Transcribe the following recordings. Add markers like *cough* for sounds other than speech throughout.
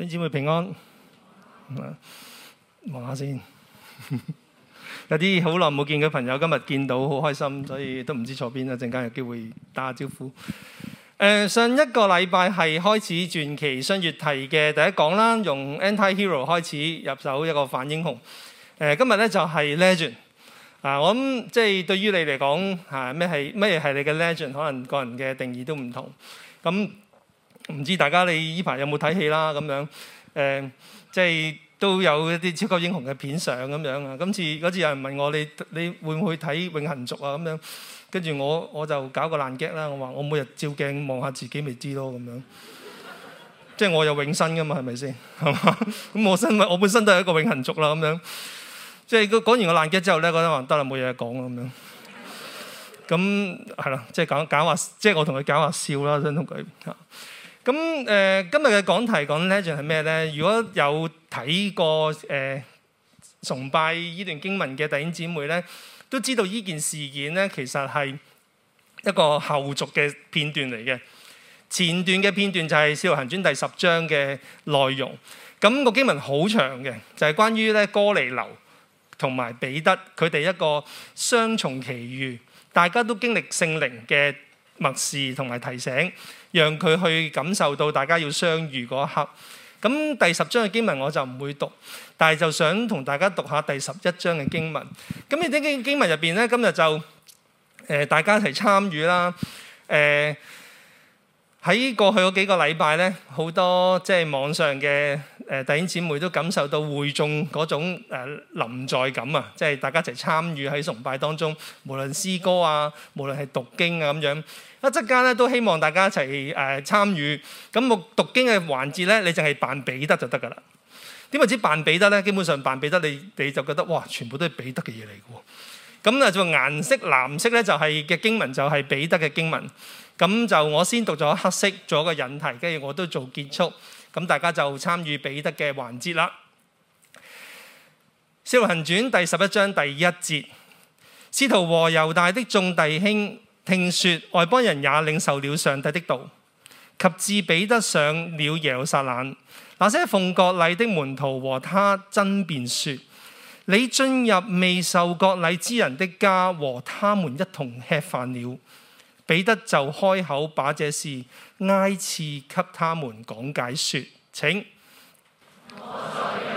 兄弟姊妹平安，望下先。 *laughs* 有啲好耐冇見嘅朋友，今日見到好開心，所以都唔知坐邊啦。陣間有機會打下招呼。誒、呃，上一個禮拜係開始傳奇新月題嘅第一講啦，用 Anti-Hero 開始入手一個反英雄。誒、呃，今日咧就係 Legend。啊、呃，我諗即係對於你嚟講嚇咩係咩係你嘅 Legend，可能個人嘅定義都唔同。咁、嗯。唔知大家你依排有冇睇戲啦咁樣，誒，即係都有一啲超級英雄嘅片上咁樣啊。今次嗰次有人問我你你會唔會睇《永恆族》啊咁樣，跟住我我就搞個爛劇啦。我話我每日照鏡望下自己咪知咯咁樣，即係我有永生噶嘛，係咪先？係嘛？咁我身我本身都係一個永恆族啦咁樣，即係講完個爛劇之後咧，覺得話得啦，冇嘢講啦咁樣。咁係啦，即係講講話即係我同佢講話笑啦，想同佢嚇。咁誒、呃、今日嘅講題講呢，legend 係咩呢？如果有睇過誒、呃、崇拜呢段經文嘅弟兄姊妹呢，都知道呢件事件呢，其實係一個後續嘅片段嚟嘅。前段嘅片段就係、是《使徒行傳》第十章嘅內容。咁、那個經文好長嘅，就係、是、關於咧哥尼流同埋彼得佢哋一個雙重奇遇，大家都經歷聖靈嘅默示同埋提醒。讓佢去感受到大家要相遇嗰一刻。咁第十章嘅經文我就唔會讀，但係就想同大家讀下第十一章嘅經文。咁呢啲經經文入邊咧，今日就誒、呃、大家一齊參與啦。誒、呃、喺過去嗰幾個禮拜咧，好多即係網上嘅。誒弟兄姊妹都感受到會眾嗰種誒臨、呃、在感啊，即係大家一齊參與喺崇拜當中，無論詩歌啊，無論係讀經啊咁樣。一側間咧都希望大家一齊誒參與。咁、呃、我讀經嘅環節咧，你淨係扮彼得就得㗎啦。點解知扮彼得咧？基本上扮彼得，你你就覺得哇，全部都係彼得嘅嘢嚟㗎喎。咁啊，就顏色藍色咧，就係、是、嘅經文就係彼得嘅經文。咁就我先讀咗黑色，做一個引題，跟住我都做結束。咁大家就參與彼得嘅環節啦。《使徒行傳》第十一章第一節，使徒和猶太的眾弟兄聽說外邦人也領受了上帝的道，及至彼得上了耶路撒冷，那些奉割禮的門徒和他爭辯說：你進入未受割禮之人的家和他們一同吃飯了。彼得就開口把這事挨次給他們講解說，請。 *music*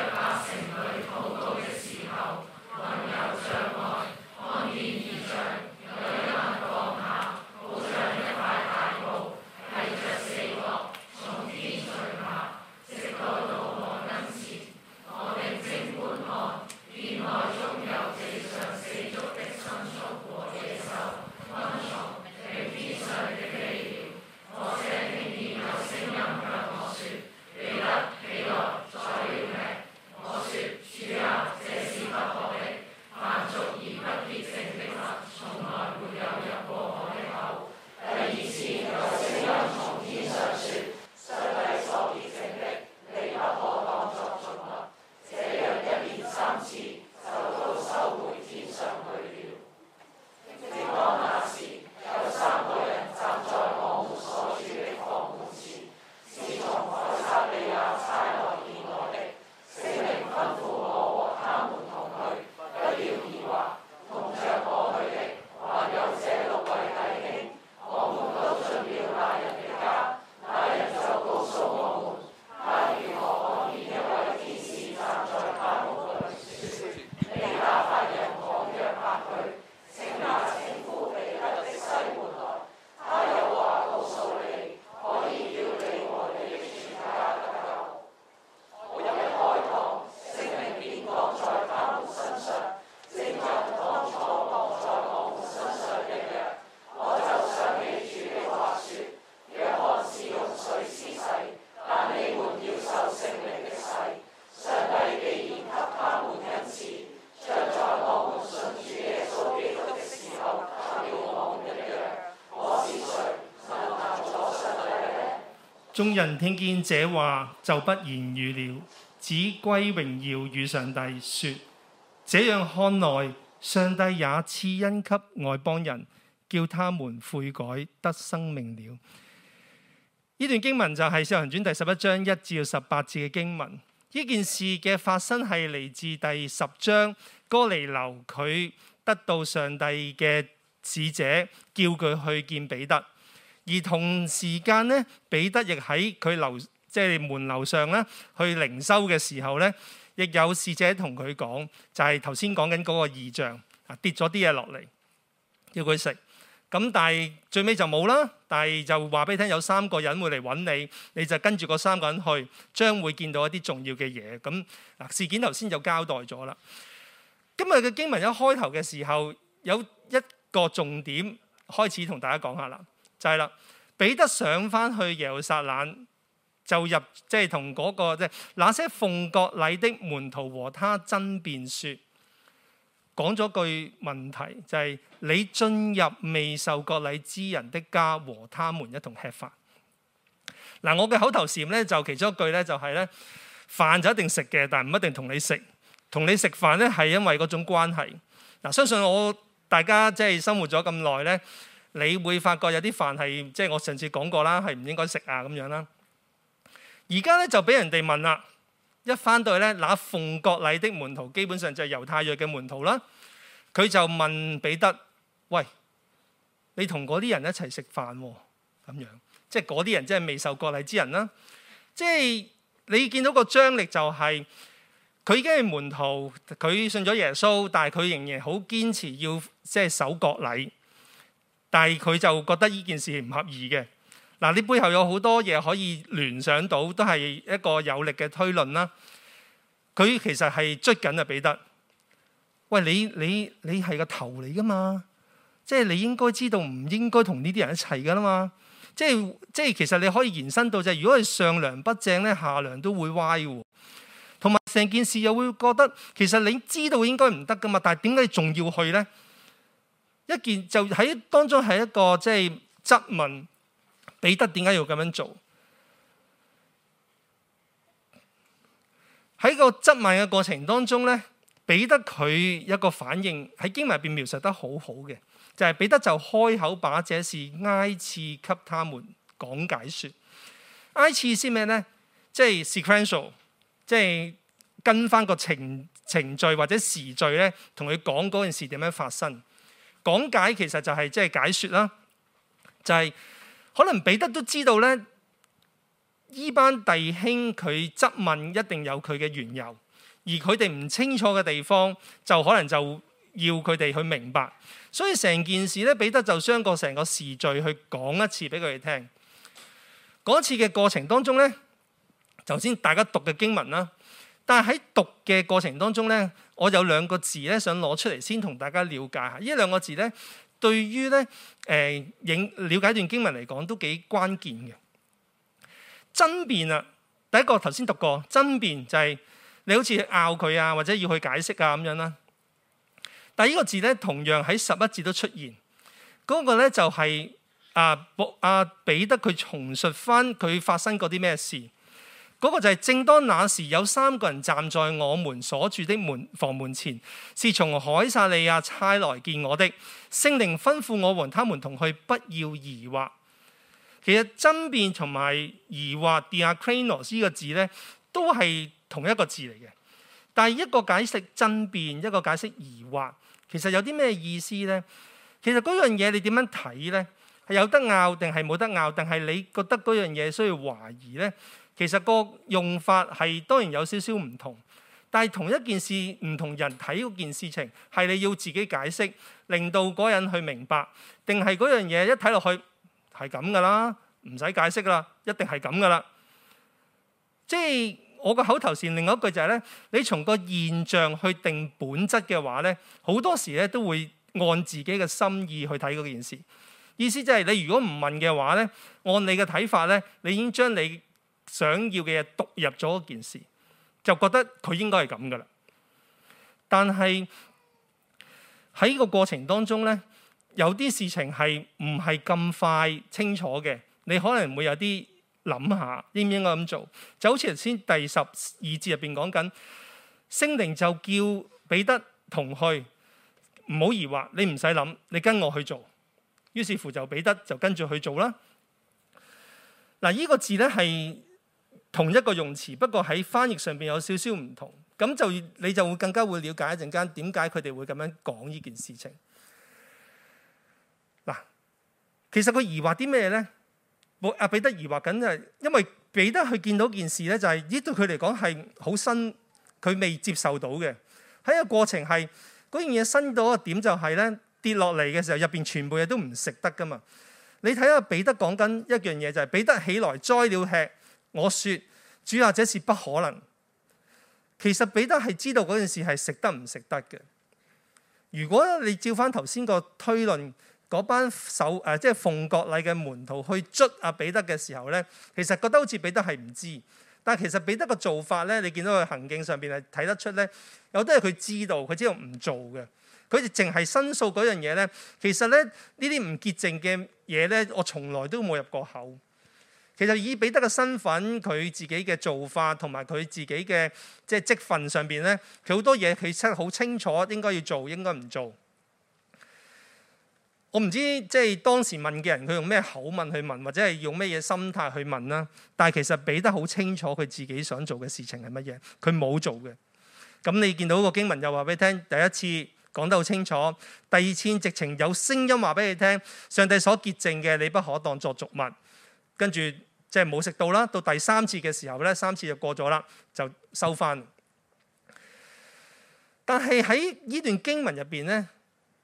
眾人聽見這話，就不言語了，只歸榮耀與上帝，說：這樣看來，上帝也賜恩給外邦人，叫他們悔改得生命了。呢段經文就係、是《使徒行傳》第十一章一至十八節嘅經文。呢件事嘅發生係嚟自第十章哥尼流佢得到上帝嘅使者叫佢去見彼得。而同時間呢，彼得亦喺佢樓，即係門樓上咧，去靈修嘅時候呢，亦有侍者同佢講，就係頭先講緊嗰個異象，跌咗啲嘢落嚟，叫佢食。咁但係最尾就冇啦。但係就話俾你聽，有三個人會嚟揾你，你就跟住嗰三個人去，將會見到一啲重要嘅嘢。咁嗱，事件頭先就交代咗啦。今日嘅經文一開頭嘅時候，有一個重點開始同大家講下啦。就係啦，彼得上翻去耶路撒冷就入，即係同嗰個即係、就是、那些奉割禮的門徒和他爭辯說，說講咗句問題就係、是、你進入未受割禮之人的家和他們一同吃飯。嗱，我嘅口頭禪咧就其中一句咧就係、是、咧，飯就一定食嘅，但唔一定同你食。同你食飯咧係因為嗰種關係。嗱，相信我大家即係生活咗咁耐咧。你會發覺有啲飯係，即係我上次講過啦，係唔應該食啊咁樣啦。而家咧就俾人哋問啦，一翻到去咧，嗱，奉國禮的門徒，基本上就係猶太裔嘅門徒啦。佢就問彼得：喂，你同嗰啲人一齊食飯啊？咁樣，即係嗰啲人即係未受國禮之人啦。即係你見到個張力就係，佢已經係門徒，佢信咗耶穌，但係佢仍然好堅持要即係守國禮。但係佢就覺得呢件事唔合意嘅。嗱、啊、你背後有好多嘢可以聯想到，都係一個有力嘅推論啦。佢其實係捉緊啊彼得，喂，你你你係個頭嚟噶嘛，即係你應該知道唔應該同呢啲人一齊噶啦嘛，即係即係其實你可以延伸到就係、是、如果係上梁不正咧，下梁都會歪嘅，同埋成件事又會覺得其實你知道應該唔得噶嘛，但係點解仲要去咧？一件就喺當中係一個即係、就是、質問彼得點解要咁樣做？喺個質問嘅過程當中咧，彼得佢一個反應喺經文入邊描述得好好嘅，就係、是、彼得就開口把這事挨次給他們講解説。挨次先咩咧？即係 sequential，即係跟翻個程程序或者時序咧，同佢講嗰件事點樣發生。講解其實就係即係解説啦，就係，可能彼得都知道呢依班弟兄佢質問一定有佢嘅緣由，而佢哋唔清楚嘅地方，就可能就要佢哋去明白。所以成件事呢，彼得就將個成個時序去講一次俾佢哋聽。嗰次嘅過程當中呢，頭先大家讀嘅經文啦，但係喺讀嘅過程當中呢。我有兩個字咧，想攞出嚟先同大家了解下。呢兩個字咧，對於咧誒影了解段經文嚟講，都幾關鍵嘅。爭辯啊！第一個頭先讀過，爭辯就係、是、你好似拗佢啊，或者要去解釋啊咁樣啦。但係呢個字咧，同樣喺十一字都出現。嗰、那個咧就係、是、啊，阿、啊、彼得佢重述翻佢發生過啲咩事。嗰個就係，正當那時，有三個人站在我們所住的房門前，是從該撒利亞差來見我的。聖靈吩咐我和他們同去，不要疑惑。其實爭辯同埋疑惑，diakrino 呢個字呢，都係同一個字嚟嘅。但係一個解釋爭辯，一個解釋疑惑，其實有啲咩意思呢？其實嗰樣嘢你點樣睇呢？係有得拗定係冇得拗，定係你覺得嗰樣嘢需要懷疑呢？其實個用法係當然有少少唔同，但係同一件事唔同人睇嗰件事情，係你要自己解釋，令到嗰人去明白，定係嗰樣嘢一睇落去係咁噶啦，唔使解釋噶啦，一定係咁噶啦。即係我個口頭禪，另外一句就係咧，你從個現象去定本質嘅話咧，好多時咧都會按自己嘅心意去睇嗰件事。意思就係你如果唔問嘅話咧，按你嘅睇法咧，你已經將你。想要嘅嘢讀入咗件事，就覺得佢應該係咁噶啦。但係喺個過程當中呢，有啲事情係唔係咁快清楚嘅，你可能會有啲諗下應唔應該咁做。就好似頭先第十二節入邊講緊，聖靈就叫彼得同去，唔好疑惑，你唔使諗，你跟我去做。於是乎就彼得就跟住去做啦。嗱，呢個字呢係。同一個用詞，不過喺翻譯上邊有少少唔同，咁就你就會更加會了解一陣間點解佢哋會咁樣講呢件事情。嗱，其實佢疑惑啲咩呢？阿、啊、彼得疑惑緊就係因為彼得去見到件事呢、就是，就係呢對佢嚟講係好新，佢未接受到嘅。喺個過程係嗰樣嘢新到一個點，就係呢，跌落嚟嘅時候，入邊全部嘢都唔食得噶嘛。你睇下彼得講緊一樣嘢就係、是、彼得起來宰了吃。我說主啊，這是不可能。其實彼得係知道嗰件事係食得唔食得嘅。如果你照翻頭先個推論，嗰班手誒、呃、即係奉國禮嘅門徒去捉阿彼得嘅時候呢，其實覺得好似彼得係唔知，但其實彼得個做法呢，你見到佢行徑上邊係睇得出呢，有啲係佢知道，佢知道唔做嘅，佢哋淨係申訴嗰樣嘢呢，其實咧呢啲唔潔淨嘅嘢呢，我從來都冇入過口。其實以彼得嘅身份，佢自己嘅做法同埋佢自己嘅即係職分上邊呢，佢好多嘢佢出好清楚，應該要做，應該唔做。我唔知即係當時問嘅人，佢用咩口吻去問，或者係用咩嘢心態去問啦。但係其實彼得好清楚佢自己想做嘅事情係乜嘢，佢冇做嘅。咁你見到個經文又話俾你聽，第一次講得好清楚，第二次直情有聲音話俾你聽，上帝所潔淨嘅，你不可當作俗物。跟住即係冇食到啦。到第三次嘅時候呢，三次就過咗啦，就收翻。但係喺呢段經文入邊呢，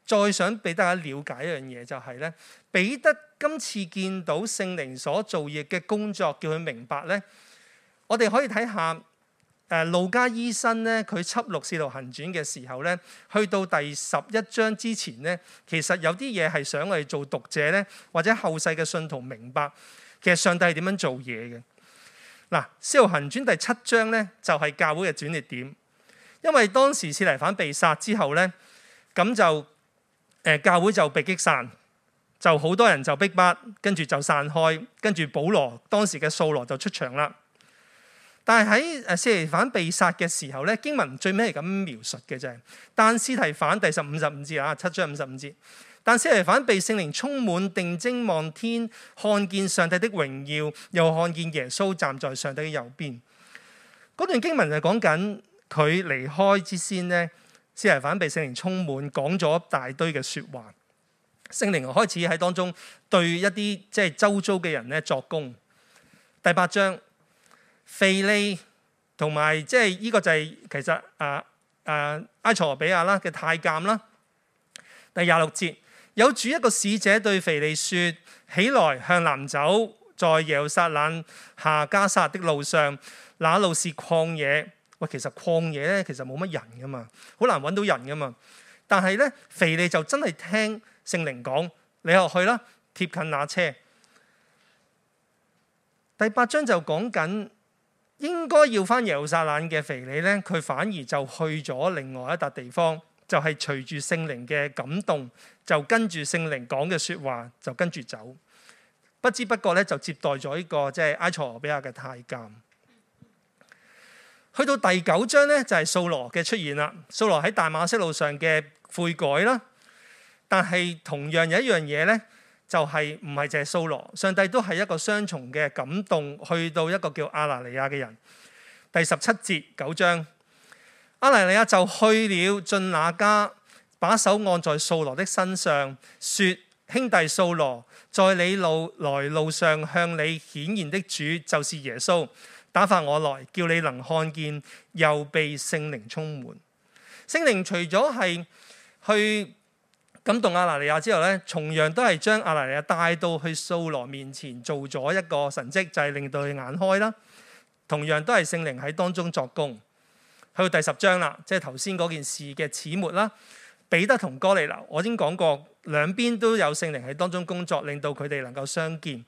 再想俾大家了解一樣嘢就係、是、呢：彼得今次見到聖靈所做嘢嘅工作，叫佢明白呢。我哋可以睇下誒路加醫生呢，佢輯錄《使徒行傳》嘅時候呢，去到第十一章之前呢，其實有啲嘢係想我哋做讀者呢，或者後世嘅信徒明白。其實上帝係點樣做嘢嘅？嗱，《使徒行傳》第七章咧就係教會嘅轉捩點，因為當時司提反被殺之後咧，咁就誒教會就被擊散，就好多人就逼迫，跟住就散開，跟住保羅當時嘅掃羅就出場啦。但係喺誒司提反被殺嘅時候咧，經文最尾係咁描述嘅啫。但司提反第十五十五節啊，七章五十五節。但司提反被聖靈充滿，定睛望天，看見上帝的榮耀，又看見耶穌站在上帝嘅右邊。嗰段經文就講緊佢離開之先呢，司提反被聖靈充滿，講咗一大堆嘅說話。聖靈開始喺當中對一啲即係周遭嘅人咧作工。第八章，腓利同埋即係呢個就係其實啊啊，埃塞俄比亞啦嘅太監啦，第廿六節。有主一個使者對腓利說：起來向南走，在耶路撒冷下加沙的路上，那路是曠野。喂，其實曠野咧，其實冇乜人噶嘛，好難揾到人噶嘛。但係咧，腓利就真係聽聖靈講，你落去啦，貼近那車。第八章就講緊應該要返耶路撒冷嘅腓利咧，佢反而就去咗另外一笪地方。就係隨住聖靈嘅感動，就跟住聖靈講嘅說話，就跟住走，不知不覺咧就接待咗呢、這個即係、就是、埃塞俄比亞嘅太監。去到第九章咧就係、是、掃羅嘅出現啦，掃羅喺大馬色路上嘅悔改啦。但係同樣有一樣嘢咧，就係唔係淨係掃羅，上帝都係一個雙重嘅感動，去到一個叫阿拿尼亞嘅人。第十七節九章。阿拿利亞就去了進那家，把手按在掃羅的身上，說：兄弟掃羅，在你路來路上向你顯現的主就是耶穌，打發我來叫你能看見，又被聖靈充滿。聖靈除咗係去感動阿拿利亞之後咧，同樣都係將阿拿利亞帶到去掃羅面前，做咗一個神蹟，就係、是、令到佢眼開啦。同樣都係聖靈喺當中作工。去到第十章啦，即係頭先嗰件事嘅始末啦。彼得同哥尼流，我已經講過，兩邊都有聖靈喺當中工作，令到佢哋能夠相見。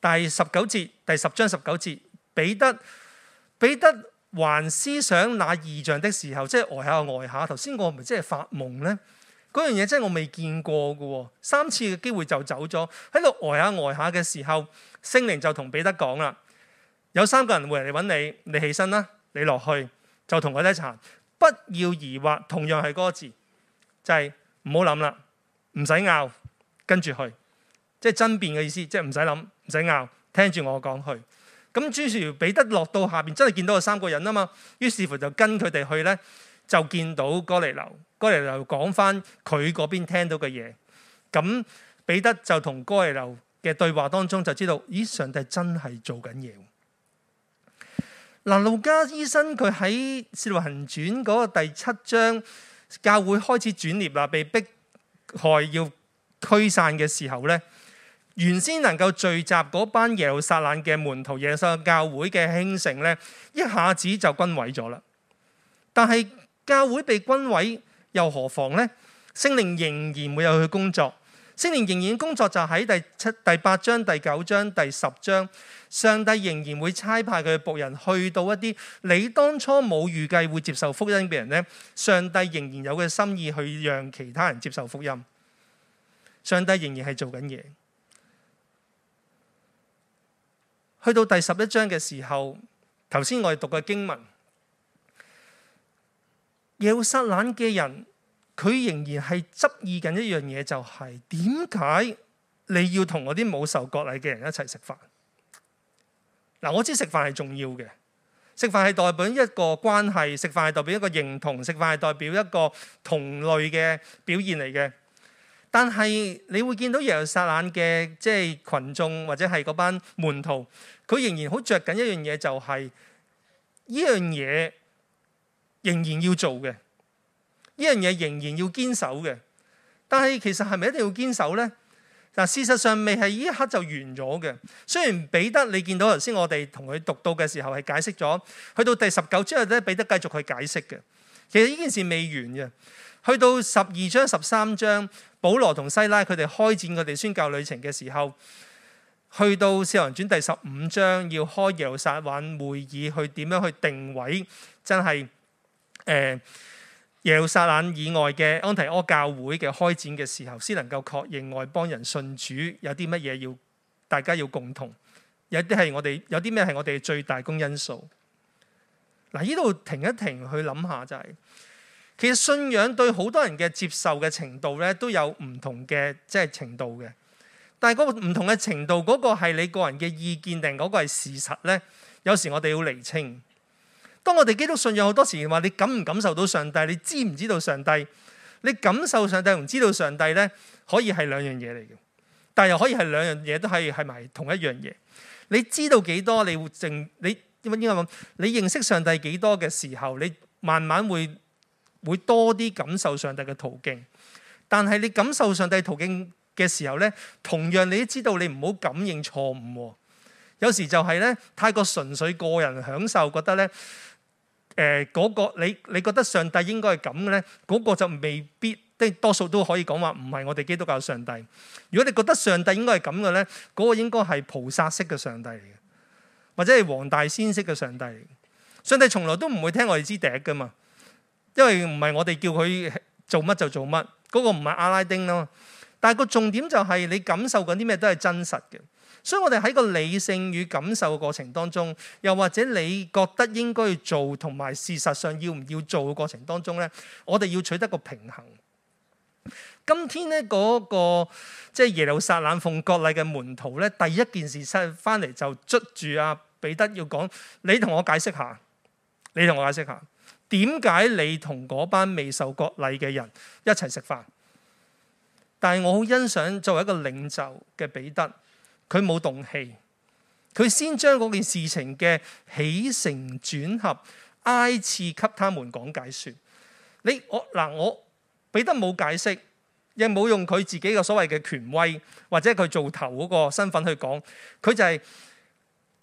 第十九節，第十章十九節，彼得，彼得還思想那異象的時候，即係呆下呆下。頭先我唔係即係發夢呢？嗰樣嘢即係我未見過嘅。三次嘅機會就走咗，喺度呆下呆下嘅時候，聖靈就同彼得講啦：有三個人會嚟揾你，你起身啦，你落去。就同佢哋一齊行，不要疑惑，同樣係嗰個字，就係唔好諗啦，唔使拗，跟住去，即係爭辯嘅意思，即係唔使諗，唔使拗，聽住我講去。咁，諸如此類，彼得落到下邊，真係見到有三個人啊嘛，於是乎就跟佢哋去呢，就見到哥尼流，哥尼流講翻佢嗰邊聽到嘅嘢，咁彼得就同哥尼流嘅對話當中就知道，咦，上帝真係做緊嘢。嗱，路加醫生佢喺《使徒行傳》嗰個第七章，教會開始轉裂啦，被迫害要驅散嘅時候呢，原先能夠聚集嗰班耶路撒冷嘅門徒、耶路撒冷教會嘅興盛呢，一下子就軍毀咗啦。但係教會被軍毀又何妨呢？聖靈仍然會有去工作。聖靈仍然工作就喺第七、第八章、第九章、第十章。上帝仍然會差派佢僕人去到一啲你當初冇預計會接受福音嘅人呢，上帝仍然有嘅心意去讓其他人接受福音。上帝仍然係做緊嘢。去到第十一章嘅時候，頭先我哋讀嘅經文，耶路撒冷嘅人。佢仍然係執意緊一樣嘢，就是，就係點解你要同嗰啲冇受割禮嘅人一齊食飯？嗱，我知食飯係重要嘅，食飯係代表一個關係，食飯係代表一個認同，食飯係代表一個同類嘅表現嚟嘅。但係你會見到耶路撒冷嘅即係群眾或者係嗰班門徒，佢仍然好着緊一、就是、樣嘢，就係呢樣嘢仍然要做嘅。依樣嘢仍然要堅守嘅，但係其實係咪一定要堅守呢？嗱，事實上未係呢一刻就完咗嘅。雖然彼得你見到頭先我哋同佢讀到嘅時候係解釋咗，去到第十九之後咧，彼得繼續去解釋嘅。其實呢件事未完嘅。去到十二章、十三章，保羅同西拉佢哋開展佢哋宣教旅程嘅時候，去到使徒行傳第十五章要開耶路撒冷會議，去點樣去定位真係誒。呃耶路撒冷以外嘅安提阿教會嘅開展嘅時候，先能夠確認外邦人信主有啲乜嘢要大家要共同，有啲係我哋有啲咩係我哋最大公因素。嗱，呢度停一停去諗下就係、是，其實信仰對好多人嘅接受嘅程度咧都有唔同嘅即係程度嘅，但係嗰個唔同嘅程度嗰、那個係你個人嘅意見定嗰個係事實咧？有時我哋要厘清。當我哋基督信仰好多時，話你感唔感受到上帝，你知唔知道上帝？你感受上帝同知道上帝呢，可以係兩樣嘢嚟嘅，但又可以係兩樣嘢都係係埋同一樣嘢。你知道幾多，你淨你應該咁講，你認識上帝幾多嘅時候，你慢慢會會多啲感受上帝嘅途徑。但係你感受上帝途徑嘅時候呢，同樣你都知道你唔好感應錯誤。有時就係呢，太過純粹個人享受，覺得呢。誒嗰、呃那個你你覺得上帝應該係咁嘅呢？嗰、那個就未必，即多數都可以講話唔係我哋基督教上帝。如果你覺得上帝應該係咁嘅呢，嗰、那個應該係菩薩式嘅上帝嚟嘅，或者係黃大仙式嘅上帝嚟嘅。上帝從來都唔會聽我哋支笛噶嘛，因為唔係我哋叫佢做乜就做乜，嗰、那個唔係阿拉丁咯。但係個重點就係你感受緊啲咩都係真實嘅。所以我哋喺個理性與感受嘅過程當中，又或者你覺得應該要做，同埋事實上要唔要做嘅過程當中呢，我哋要取得個平衡。今天呢、那、嗰個即係、就是、耶路撒冷奉割禮嘅門徒呢，第一件事出翻嚟就捉住阿、啊、彼得要講，你同我解釋下，你同我解釋下，點解你同嗰班未受割禮嘅人一齊食飯？但係我好欣賞作為一個領袖嘅彼得。佢冇動氣，佢先將嗰件事情嘅起承轉合依次給他們講解説。你我嗱，我彼得冇解釋，亦冇用佢自己嘅所謂嘅權威或者佢做頭嗰個身份去講。佢就係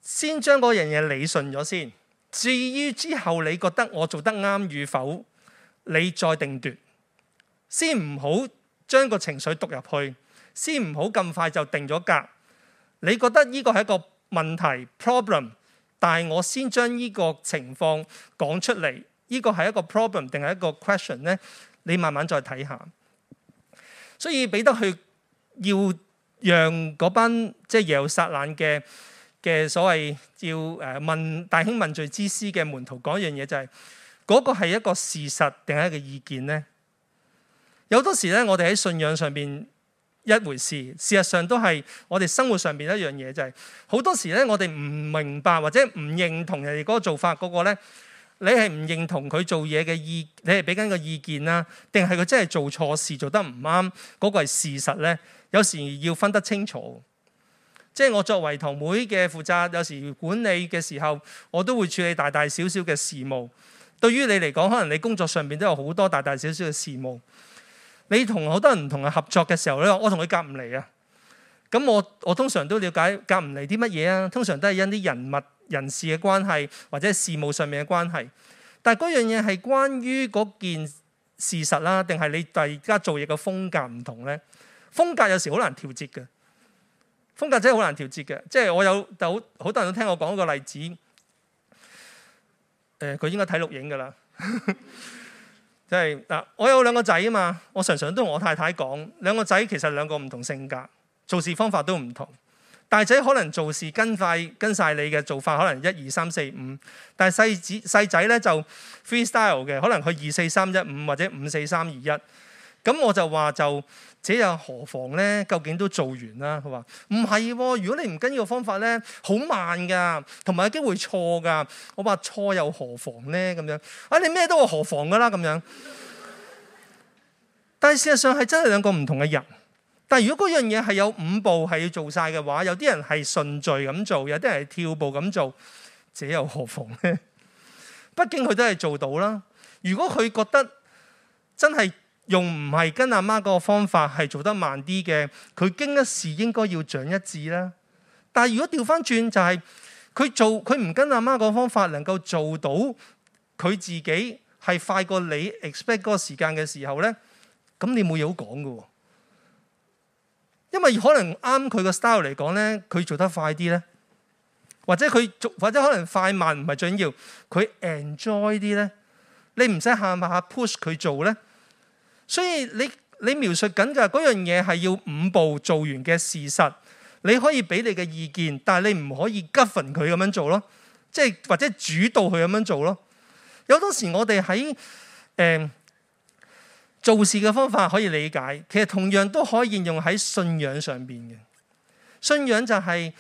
先將嗰樣嘢理順咗先。至於之後你覺得我做得啱與否，你再定奪。先唔好將個情緒讀入去，先唔好咁快就定咗格。你覺得呢個係一個問題 problem，但係我先將呢個情況講出嚟，呢個係一個 problem 定係一個 question 呢？你慢慢再睇下。所以彼得去要讓嗰班即係、就是、耶路撒冷嘅嘅所謂叫「誒問大興問罪之師」嘅門徒講一樣嘢、就是，就係嗰個係一個事實定係一個意見呢？有好多時咧，我哋喺信仰上邊。一回事，事實上都係我哋生活上邊一樣嘢，就係、是、好多時咧，我哋唔明白或者唔認同人哋嗰個做法，嗰、那個咧，你係唔認同佢做嘢嘅意，你係俾緊個意見啦，定係佢真係做錯事做得唔啱，嗰、那個係事實咧？有時要分得清楚，即係我作為堂會嘅負責，有時管理嘅時候，我都會處理大大小小嘅事務。對於你嚟講，可能你工作上邊都有好多大大小小嘅事務。你同好多人唔同人合作嘅時候咧，我同佢夾唔嚟啊！咁我我通常都了解夾唔嚟啲乜嘢啊？通常都係因啲人物人事嘅關係或者事務上面嘅關係。但係嗰樣嘢係關於嗰件事實啦，定係你大家做嘢嘅風格唔同咧？風格有時好難調節嘅，風格真係好難調節嘅。即、就、係、是、我有，但好多人都聽我講個例子。佢、呃、應該睇錄影噶啦。 *laughs* 即係、就是、我有兩個仔啊嘛，我常常都同我太太講，兩個仔其實兩個唔同性格，做事方法都唔同。大仔可能做事跟快跟晒你嘅做法，可能 1, 2, 3, 4, 5，可能一二三四五；但係細仔細仔呢就 freestyle 嘅，可能佢二四三一五或者五四三二一。咁我就話就，這又何妨呢？究竟都做完啦。佢話唔係，如果你唔跟呢個方法呢，好慢噶，同埋有機會錯噶。我話錯又何妨呢？咁樣啊，你咩都話何妨噶啦？咁樣。但係事實上係真係兩個唔同嘅人。但係如果嗰樣嘢係有五步係要做晒嘅話，有啲人係順序咁做，有啲人係跳步咁做，這又何妨呢？畢竟佢都係做到啦。如果佢覺得真係。用唔係跟阿媽嗰個方法係做得慢啲嘅，佢經一事應該要長一智啦。但係如果調翻轉就係、是、佢做佢唔跟阿媽個方法能夠做到佢自己係快過你 expect 嗰個時間嘅時候咧，咁你冇嘢好講㗎。因為可能啱佢個 style 嚟講咧，佢做得快啲咧，或者佢做或者可能快慢唔係最緊要，佢 enjoy 啲咧，你唔使下下 push 佢做咧。所以你你描述緊就係嗰樣嘢係要五步做完嘅事實，你可以俾你嘅意見，但係你唔可以 guide 佢咁樣做咯，即係或者主導佢咁樣做咯。有當時我哋喺、呃、做事嘅方法可以理解，其實同樣都可以應用喺信仰上邊嘅。信仰就係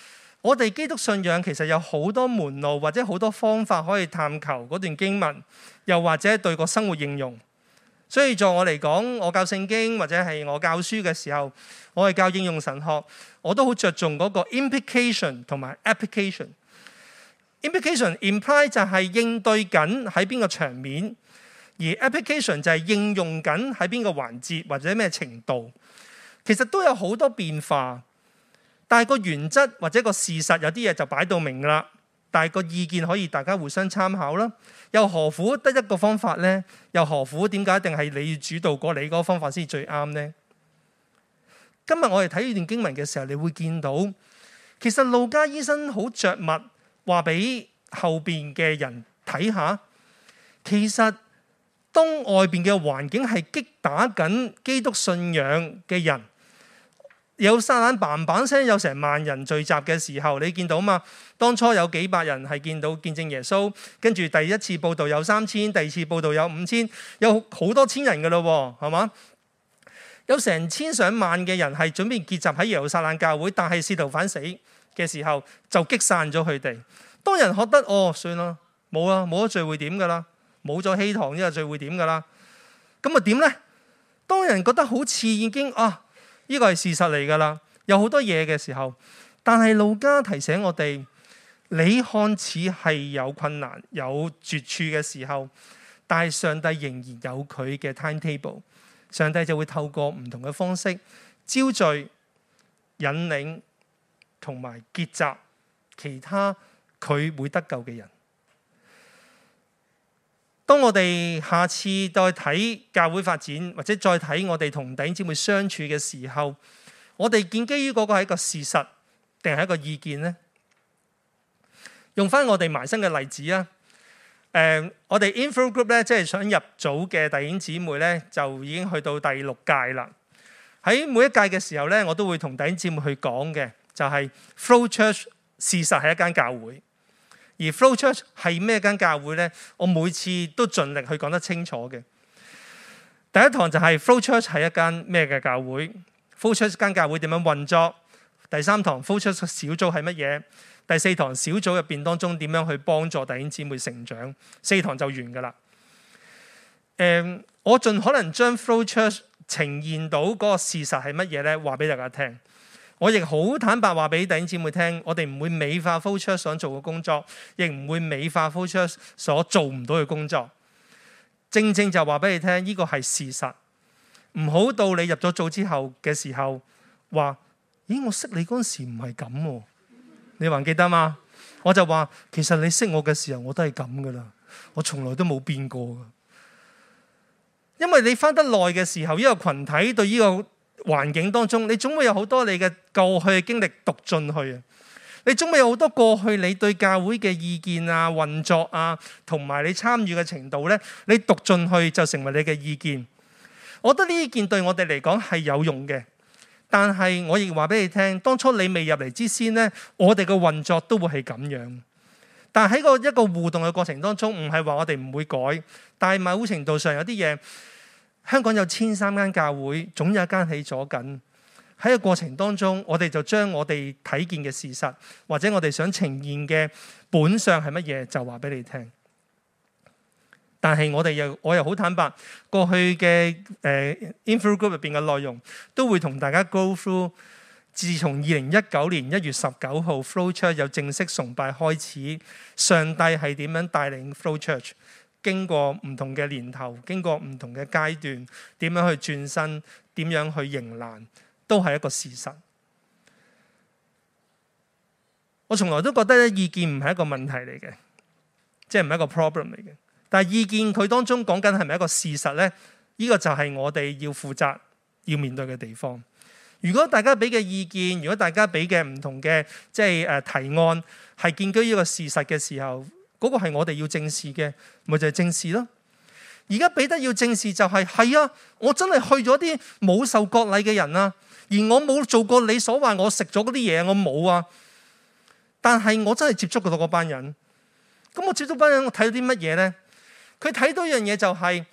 我哋基督信仰其實有好多門路或者好多方法可以探求嗰段經文，又或者對個生活應用。所以在我嚟講，我教聖經或者係我教書嘅時候，我係教應用神學，我都好着重嗰個 implication 同埋 application。Implication imply 就係應對緊喺邊個場面，而 application 就係應用緊喺邊個環節或者咩程度，其實都有好多變化，但係個原則或者個事實有啲嘢就擺到明㗎啦。但係個意見可以大家互相參考啦，又何苦得一個方法呢？又何苦點解一定係你主導過你嗰個方法先最啱呢？今日我哋睇呢段經文嘅時候，你會見到其實路加醫生好着墨，話俾後邊嘅人睇下。其實當外邊嘅環境係擊打緊基督信仰嘅人。有撒冷砰砰聲有成萬人聚集嘅時候，你見到嘛？當初有幾百人係見到見證耶穌，跟住第一次報道有三千，第二次報道有五千，有好多千人噶咯，係嘛？有成千上萬嘅人係準備結集喺耶路撒冷教會，但係司提反死嘅時候就擊散咗佢哋。當人覺得哦，算啦，冇啦，冇得聚會點噶啦，冇咗希唐，呢個聚會點噶啦，咁啊點呢？當人覺得好似已經啊～呢個係事實嚟噶啦，有好多嘢嘅時候，但係路加提醒我哋：你看似係有困難，有絕處嘅時候，但係上帝仍然有佢嘅 timetable。上帝就會透過唔同嘅方式招聚、引領同埋結集其他佢會得救嘅人。當我哋下次再睇教會發展，或者再睇我哋同弟兄姊妹相處嘅時候，我哋建基於嗰個係一個事實，定係一個意見呢？用翻我哋埋身嘅例子啊、呃！我哋 info group 咧，即係想入組嘅弟兄姊妹咧，就已經去到第六屆啦。喺每一屆嘅時候咧，我都會同弟兄姊妹去講嘅，就係、是、flow church 事實係一間教會。而 Flow Church 係咩間教會呢？我每次都盡力去講得清楚嘅。第一堂就係 Flow Church 係一間咩嘅教會？Flow Church 間教會點樣運作？第三堂 Flow Church 小組係乜嘢？第四堂小組入邊當中點樣去幫助弟兄姊妹成長？四堂就完㗎啦。誒、嗯，我盡可能將 Flow Church 呈現到嗰個事實係乜嘢呢？話俾大家聽。我亦好坦白話俾弟兄姊妹聽，我哋唔會美化 flow church 想做嘅工作，亦唔會美化 flow church 所做唔到嘅工作。正正就話俾你聽，呢個係事實。唔好到你入咗組之後嘅時候，話：咦，我識你嗰陣時唔係咁。你還記得嗎？我就話，其實你識我嘅時候，我都係咁噶啦，我從來都冇變過。因為你翻得耐嘅時候，呢個群體對呢個。環境當中，你總會有好多你嘅過去嘅經歷讀進去，你總會有好多過去你對教會嘅意見啊、運作啊，同埋你參與嘅程度呢。你讀進去就成為你嘅意見。我覺得呢件對我哋嚟講係有用嘅，但係我亦話俾你聽，當初你未入嚟之先呢，我哋嘅運作都會係咁樣。但係喺個一個互動嘅過程當中，唔係話我哋唔會改，但係某程度上有啲嘢。香港有千三間教會，總有一間起咗緊。喺個過程當中，我哋就將我哋睇見嘅事實，或者我哋想呈現嘅本相係乜嘢，就話俾你聽。但係我哋又，我又好坦白，過去嘅誒、呃、Infra Group 入邊嘅內容，都會同大家 go through。自從二零一九年一月十九號 flow church 有正式崇拜開始，上帝係點樣帶領 flow church？經過唔同嘅年頭，經過唔同嘅階段，點樣去轉身，點樣去迎難，都係一個事實。我從來都覺得咧，意見唔係一個問題嚟嘅，即係唔係一個 problem 嚟嘅。但係意見佢當中講緊係咪一個事實呢？呢、呢個就係我哋要負責、要面對嘅地方。如果大家俾嘅意見，如果大家俾嘅唔同嘅即係誒、呃、提案，係建基依個事實嘅時候。嗰個係我哋要正視嘅，咪就係、是、正視咯。而家彼得要正視就係、是，係啊，我真係去咗啲冇受割禮嘅人啊，而我冇做過你所話我食咗嗰啲嘢，我冇啊。但係我真係接觸過到嗰班人，咁我接觸班人，我睇到啲乜嘢呢？佢睇到一樣嘢就係、是，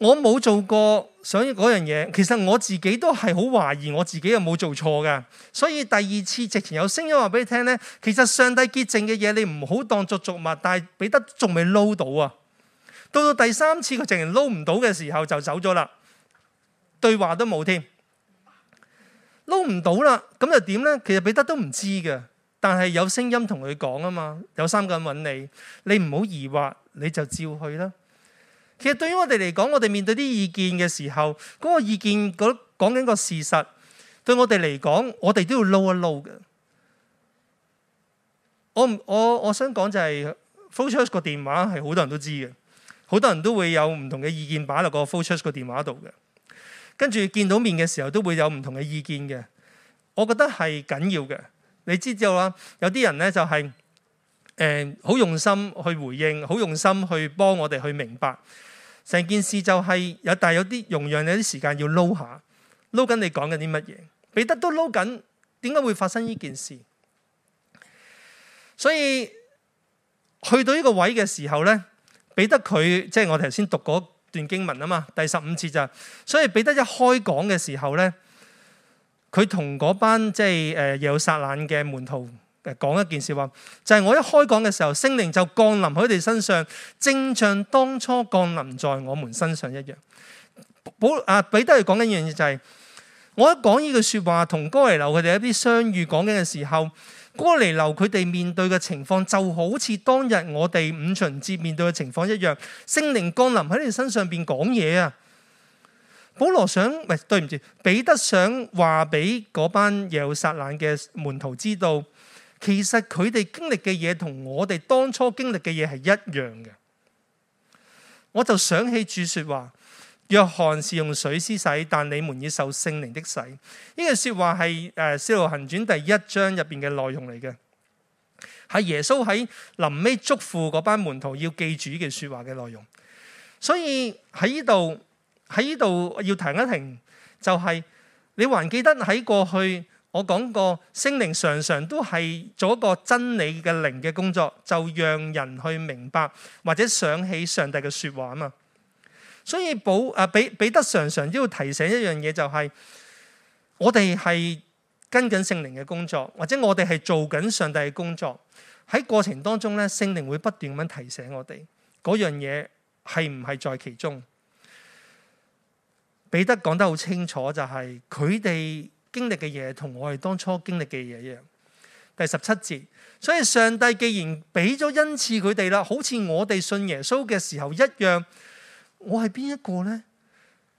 我冇做過。所以嗰樣嘢，其實我自己都係好懷疑我自己有冇做錯㗎。所以第二次，直情有聲音話俾你聽呢，其實上帝潔淨嘅嘢，你唔好當作俗物。但係彼得仲未撈到啊，到到第三次佢直情撈唔到嘅時候就走咗啦，對話都冇添，撈唔到啦。咁又點呢？其實彼得都唔知嘅，但係有聲音同佢講啊嘛，有三個人揾你，你唔好疑惑，你就照去啦。其實對於我哋嚟講，我哋面對啲意見嘅時候，嗰、嗰個意見嗰講緊個事實，對我哋嚟講，我哋都要撈一撈嘅。我我我想講就係 focus h 個電話係好多人都知嘅，好多人都會有唔同嘅意見擺落個 focus h 個電話度嘅。跟住見到面嘅時候，都會有唔同嘅意見嘅。我覺得係緊要嘅。你知道啦，有啲人咧就係誒好用心去回應，好用心去幫我哋去明白。成件事就係有，但係有啲容量，有啲時間要撈下，撈緊你講緊啲乜嘢？彼得都撈緊，點解會發生呢件事？所以去到呢個位嘅時候呢，彼得佢即係我頭先讀嗰段經文啊嘛，第十五節就，所以彼得一開講嘅時候呢，佢同嗰班即係誒耶路撒冷嘅門徒。講一件事話，就係我一開講嘅時候，聖靈就降臨喺佢哋身上，正像當初降臨在我們身上一樣。保啊，彼得又講緊一樣嘢，就係我一講呢句說話，同哥尼流佢哋一啲相遇講緊嘅時候，哥尼流佢哋面對嘅情況就好似當日我哋五旬節面對嘅情況一樣，聖靈降臨喺你哋身上邊講嘢啊！保羅想，喂，對唔住，彼得想話俾嗰班耶路撒冷嘅門徒知道。其實佢哋經歷嘅嘢同我哋當初經歷嘅嘢係一樣嘅，我就想起主說話：約翰是用水施洗，但你們已受聖靈的洗。呢句、這個、說話係誒《使徒行傳》第一章入邊嘅內容嚟嘅，係耶穌喺臨尾囑咐嗰班門徒要記住呢句說話嘅內容。所以喺呢度，喺呢度要停一停，就係、是、你還記得喺過去？我講過，聖靈常常都係做一個真理嘅靈嘅工作，就讓人去明白或者想起上帝嘅說話啊嘛。所以保啊，比彼得常常都要提醒一樣嘢，就是，就係我哋係跟緊聖靈嘅工作，或者我哋係做緊上帝嘅工作。喺過程當中咧，聖靈會不斷咁提醒我哋，嗰樣嘢係唔係在其中。彼得講得好清楚，就是，就係佢哋。經歷嘅嘢，同我哋當初經歷嘅嘢一樣。第十七節，所以上帝既然俾咗恩賜佢哋啦，好似我哋信耶穌嘅時候一樣，我係邊一個呢？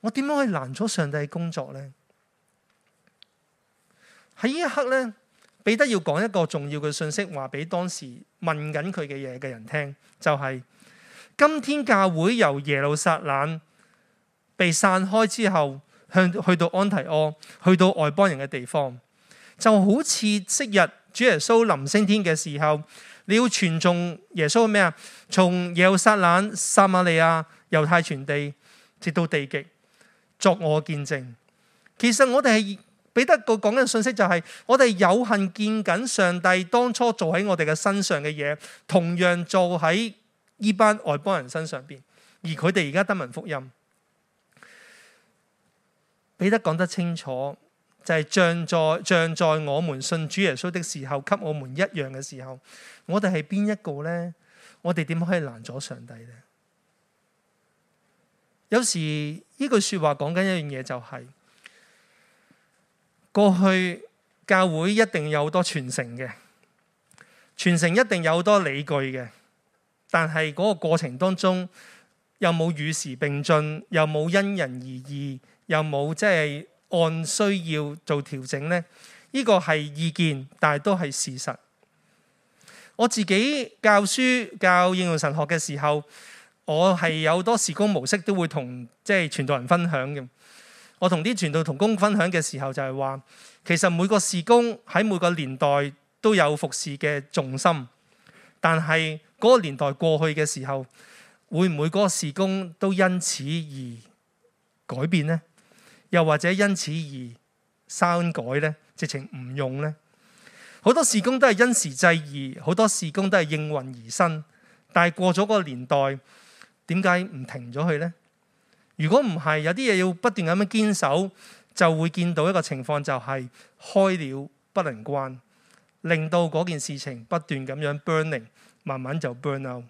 我點樣可以攔咗上帝工作呢？喺呢一刻呢，彼得要講一個重要嘅信息，話俾當時問緊佢嘅嘢嘅人聽，就係、是：今天教會由耶路撒冷被散開之後向去到安提阿，去到外邦人嘅地方，就好似昔日主耶穌臨升天嘅時候，你要傳頌耶穌咩啊？從耶路撒冷、撒瑪利亞、猶太全地，直到地極，作我見證。其實我哋係彼得個講緊信息、就是，就係我哋有幸見緊上帝當初做喺我哋嘅身上嘅嘢，同樣做喺呢班外邦人身上邊，而佢哋而家得聞福音。你得講得清楚，就係、是、像在像在我們信主耶穌的時候，給我們一樣嘅時候，我哋係邊一個呢？我哋點可以攔阻上帝呢？有時呢句話說話講緊一樣嘢，就係過去教會一定有好多傳承嘅，傳承一定有好多理據嘅，但係嗰個過程當中又冇與時並進，又冇因人而異。有冇即係按需要做調整呢？呢個係意見，但係都係事實。我自己教書教應用神學嘅時候，我係有多事工模式都會同即係傳道人分享嘅。我同啲傳道同工分享嘅時候就係話，其實每個事工喺每個年代都有服侍嘅重心，但係嗰個年代過去嘅時候，會唔會嗰個事工都因此而改變呢？又或者因此而刪改呢，直情唔用呢？好多事工都係因時制宜，好多事工都係應運而生。但係過咗嗰個年代，點解唔停咗佢呢？如果唔係，有啲嘢要不斷咁樣堅守，就會見到一個情況，就係開了不能關，令到嗰件事情不斷咁樣 burning，慢慢就 burn out。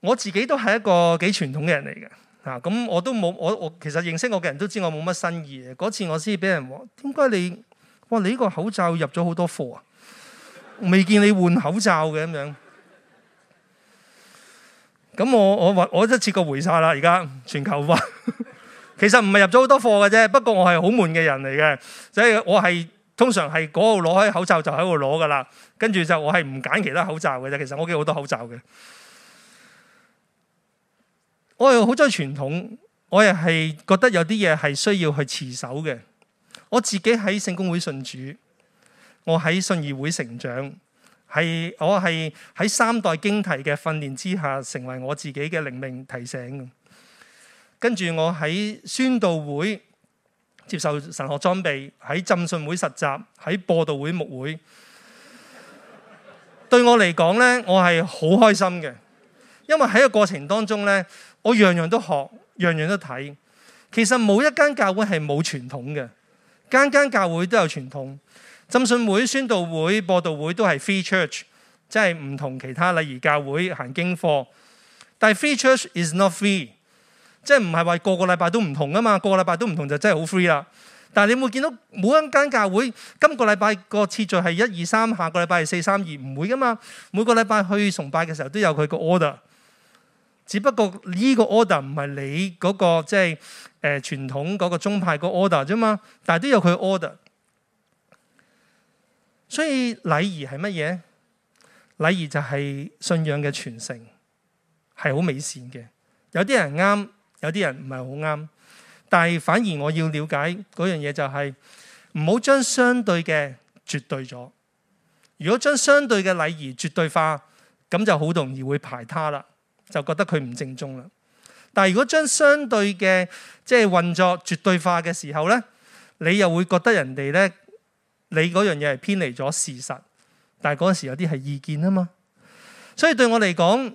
我自己都係一個幾傳統嘅人嚟嘅。啊！咁、嗯、我都冇，我我其實認識我嘅人都知我冇乜新意。嗰次我先俾人話：點解你？哇！你呢個口罩入咗好多貨啊！未見你換口罩嘅咁樣。咁我我我一次過換曬啦！而家全球化， *laughs* 其實唔係入咗好多貨嘅啫。不過我係好悶嘅人嚟嘅，所、就、以、是、我係通常係嗰度攞開口罩就喺度攞㗎喇。跟住就我係唔揀其他口罩嘅啫。其實我屋企好多口罩嘅。我又好中意傳統，我又係覺得有啲嘢係需要去持守嘅。我自己喺聖公會信主，我喺信義會成長，係我係喺三代經題嘅訓練之下，成為我自己嘅靈命提醒。跟住我喺宣道會接受神學裝備，喺浸信會實習，喺播道會牧會。對我嚟講呢，我係好開心嘅，因為喺個過程當中呢。我樣樣都學，樣樣都睇。其實冇一間教會係冇傳統嘅，間間教會都有傳統。浸信會、宣道會、播道會都係 free church，即係唔同其他禮儀教會行經課。但係 free church is not free，即係唔係話個個禮拜都唔同啊嘛？個個禮拜都唔同就真係好 free 啦。但係你有冇見到每一間教會，今個禮拜個次序係一二三，下個禮拜係四三二，唔會噶嘛？每個禮拜去崇拜嘅時候都有佢個 order。只不過呢個 order 唔係你嗰、嗰個即係誒傳統嗰個宗派個 order 啫嘛，但係都有佢 order。所以禮儀係乜嘢？禮儀就係信仰嘅傳承，係好美善嘅。有啲人啱，有啲人唔係好啱。但係反而我要了解嗰樣嘢就係唔好將相對嘅絕對咗。如果將相對嘅禮儀絕對化，咁就好容易會排他啦。就覺得佢唔正宗啦。但係如果將相對嘅即係運作絕對化嘅時候呢，你又會覺得人哋呢，你嗰樣嘢係偏離咗事實。但係嗰陣時有啲係意見啊嘛。所以對我嚟講，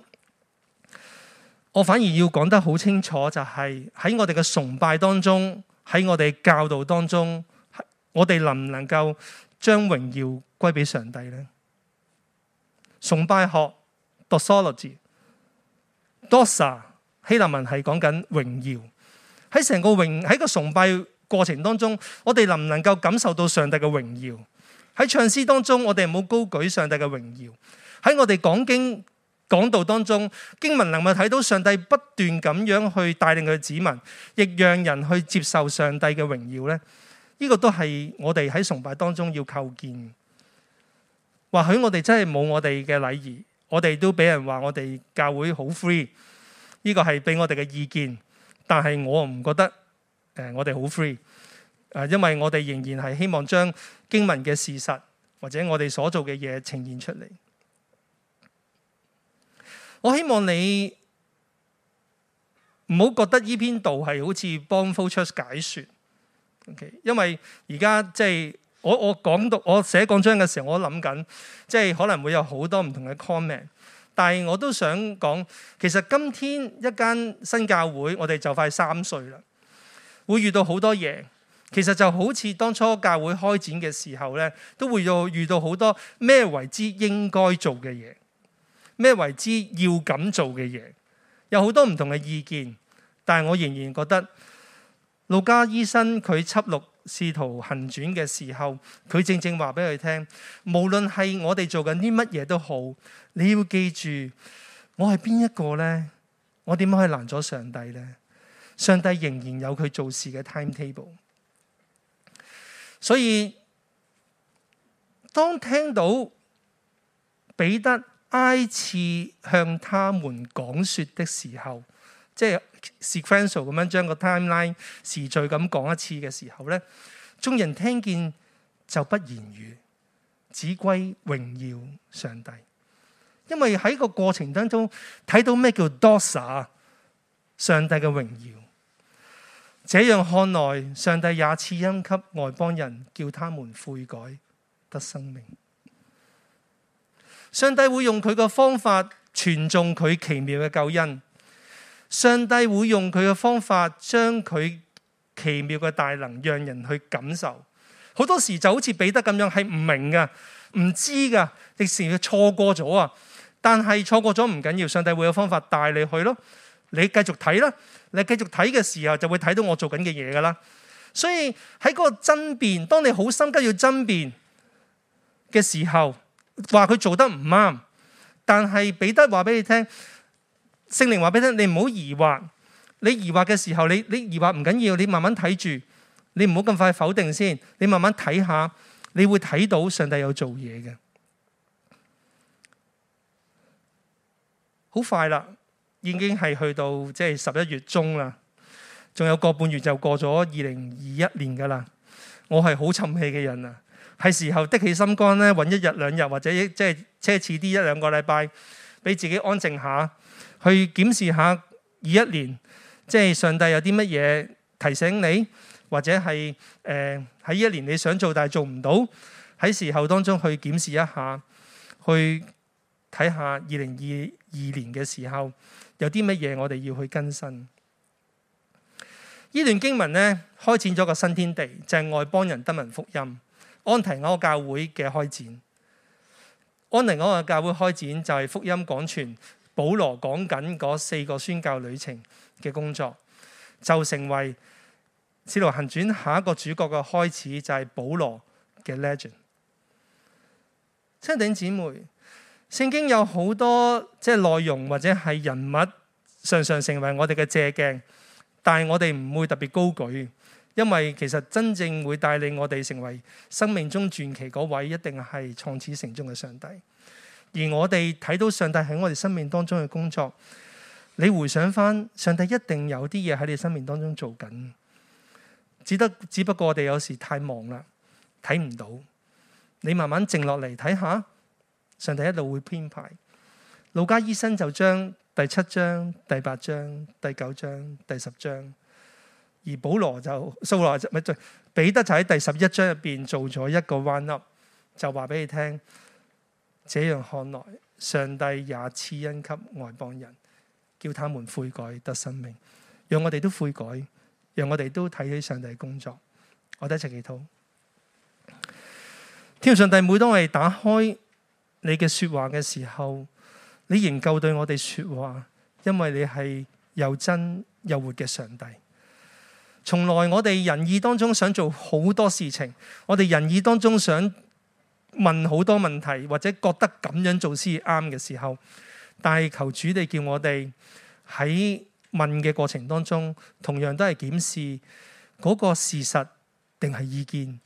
我反而要講得好清楚，就係喺我哋嘅崇拜當中，喺我哋教導當中，我哋能唔能夠將榮耀歸俾上帝呢？崇拜學 doxology Dosa 希臘文係講緊榮耀，喺成個榮喺個崇拜過程當中，我哋能唔能夠感受到上帝嘅榮耀？喺唱詩當中，我哋有冇高舉上帝嘅榮耀？喺我哋講經講道當中，經文能唔能睇到上帝不斷咁樣去帶領佢嘅子民，亦讓人去接受上帝嘅榮耀呢？呢、這個都係我哋喺崇拜當中要構建。或許我哋真係冇我哋嘅禮儀。我哋都俾人話我哋教會好 free，呢個係俾我哋嘅意見，但係我唔覺得誒我哋好 free，誒因為我哋仍然係希望將經文嘅事實或者我哋所做嘅嘢呈現出嚟。我希望你唔好覺得呢篇道係好似幫 flow church 解說，OK？因為而家即係，就是我我講到我寫講章嘅時候，我諗緊，即係可能會有好多唔同嘅 comment，但係我都想講，其實今天一間新教會，我哋就快三歲啦，會遇到好多嘢。其實就好似當初教會開展嘅時候咧，都會有遇到好多咩為之應該做嘅嘢，咩為之要噉做嘅嘢，有好多唔同嘅意見，但係我仍然覺得老家醫生佢輯錄。試圖行轉嘅時候，佢正正話俾佢聽：無論係我哋做緊啲乜嘢都好，你要記住，我係邊一個呢？我點樣可以攔咗上帝呢？上帝仍然有佢做事嘅 timetable。所以，當聽到彼得挨次向他們講説的時候，即係 sequential 咁樣將個 timeline 時序咁講一次嘅時候呢眾人聽見就不言語，只歸榮耀上帝。因為喺個過程當中睇到咩叫 Dossa，上帝嘅榮耀。這樣看來，上帝也賜恩給外邦人，叫他們悔改得生命。上帝會用佢個方法傳頌佢奇妙嘅救恩。上帝會用佢嘅方法，將佢奇妙嘅大能，讓人去感受。好多時就好似彼得咁樣，係唔明噶、唔知噶，亦時錯過咗啊！但係錯過咗唔緊要，上帝會有方法帶你去咯。你繼續睇啦，你繼續睇嘅時候就會睇到我做緊嘅嘢噶啦。所以喺嗰個爭辯，當你好心急要爭辯嘅時候，話佢做得唔啱，但係彼得話俾你聽。聖靈話俾你聽，你唔好疑惑。你疑惑嘅時候，你你疑惑唔緊要，你慢慢睇住。你唔好咁快否定先，你慢慢睇下，你會睇到上帝有做嘢嘅。好快啦，已經係去到即係十一月中啦，仲有個半月就過咗二零二一年㗎喇。我係好沉氣嘅人啊，係時候的起心肝咧，揾一日兩日或者即係奢侈啲一兩個禮拜，俾自己安靜下。去檢視下二一年，即係上帝有啲乜嘢提醒你，或者係誒喺一年你想做但係做唔到，喺時候當中去檢視一下，去睇下二零二二年嘅時候有啲乜嘢我哋要去更新。呢段經文咧，開展咗個新天地，就係、是、外邦人得聞福音，安提阿教會嘅開展。安提阿嘅教會開展就係福音廣傳。保羅講緊嗰四個宣教旅程嘅工作，就成為《使徒行傳》下一個主角嘅開始，就係、是、保羅嘅 legend。青頂姊妹，聖經有好多即係內容或者係人物，常常成為我哋嘅借鏡，但係我哋唔會特別高舉，因為其實真正會帶領我哋成為生命中傳奇嗰位，一定係創始成終嘅上帝。而我哋睇到上帝喺我哋生命當中嘅工作，你回想翻，上帝一定有啲嘢喺你生命當中做緊，只得只不過我哋有時太忙啦，睇唔到。你慢慢靜落嚟睇下看看，上帝一路會編排。路加醫生就將第七章、第八章、第九章、第十章，而保羅就掃羅就唔係就彼得就喺第十一章入邊做咗一個 one up，就話俾你聽。這樣看來，上帝也賜恩給外邦人，叫他們悔改得生命。讓我哋都悔改，讓我哋都睇起上帝工作。我哋一齊祈禱。天父上帝，每當我哋打開你嘅說話嘅時候，你仍舊對我哋說話，因為你係又真又活嘅上帝。從來我哋人意當中想做好多事情，我哋人意當中想。問好多問題，或者覺得咁樣做先啱嘅時候，但係求主你叫我哋喺問嘅過程當中，同樣都係檢視嗰個事實定係意見，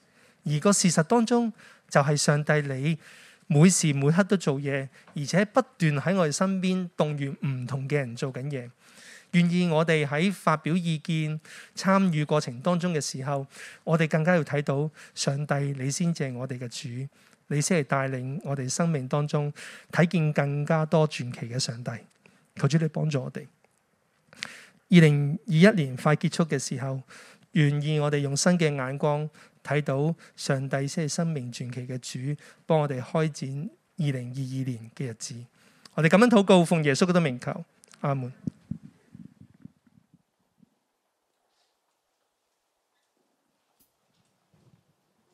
而個事實當中就係上帝你每時每刻都做嘢，而且不斷喺我哋身邊動員唔同嘅人做緊嘢，願意我哋喺發表意見、參與過程當中嘅時候，我哋更加要睇到上帝你先至係我哋嘅主。你先係帶領我哋生命當中睇見更加多傳奇嘅上帝，求主你幫助我哋。二零二一年快結束嘅時候，願意我哋用新嘅眼光睇到上帝先係生命傳奇嘅主，幫我哋開展二零二二年嘅日子。我哋咁樣禱告，奉耶穌都名求，阿門。